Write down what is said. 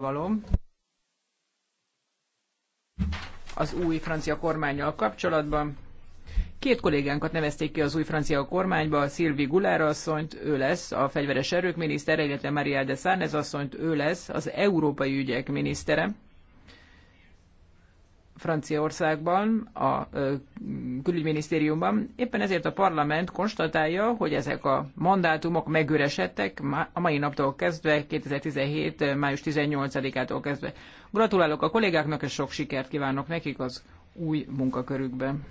forgalom az új francia kormányjal kapcsolatban. Két kollégánkat nevezték ki az új francia kormányba, Szilvi Gulára asszonyt, ő lesz a fegyveres erők minisztere, illetve Marielle de Sarnez asszonyt, ő lesz az európai ügyek minisztere. Franciaországban, a külügyminisztériumban. Éppen ezért a parlament konstatálja, hogy ezek a mandátumok megüresedtek a mai naptól kezdve, 2017. május 18-ától kezdve. Gratulálok a kollégáknak, és sok sikert kívánok nekik az új munkakörükben.